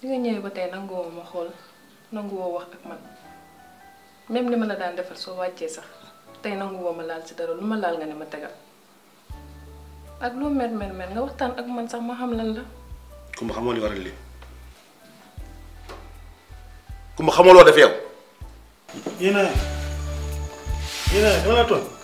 li nga ñëwee ba tey nanguwoo ma xool nanguwoo wax ak man même li ma la daan defal soo wàccee sax tey nanguwoo ma laal ci dara lu ma laal nga ne ma tegal ak loo mer mer mer nga waxtaan ak man sax ma xam lan la. ku ma xamoo li waral lii ku ma xamoo loo def yow. yéen a yéen a dama la tooñ.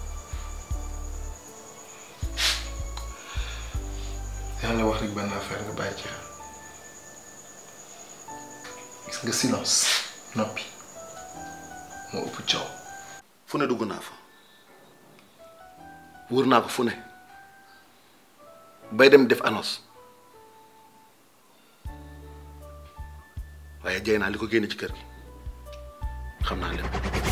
yàlla wax rek benn affaire nga bàyyi ci xel gis nga silence noppi moo ëpp coow. fu ne dugg naa fa wër naa ko fu ne bay dem def annonce waaye jey naa li ko génne ci kër gi xam naa lépp.